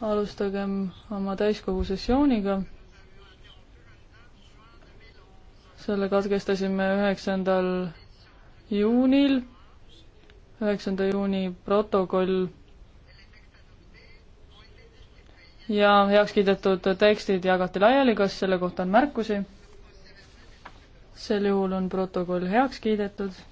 alustagem oma täiskogu sessiooniga. selle katkestasime üheksandal juunil. üheksanda juuni protokoll ja heaks kiidetud tekstid jagati laiali, kas selle kohta on märkusi? sel juhul on protokoll heaks kiidetud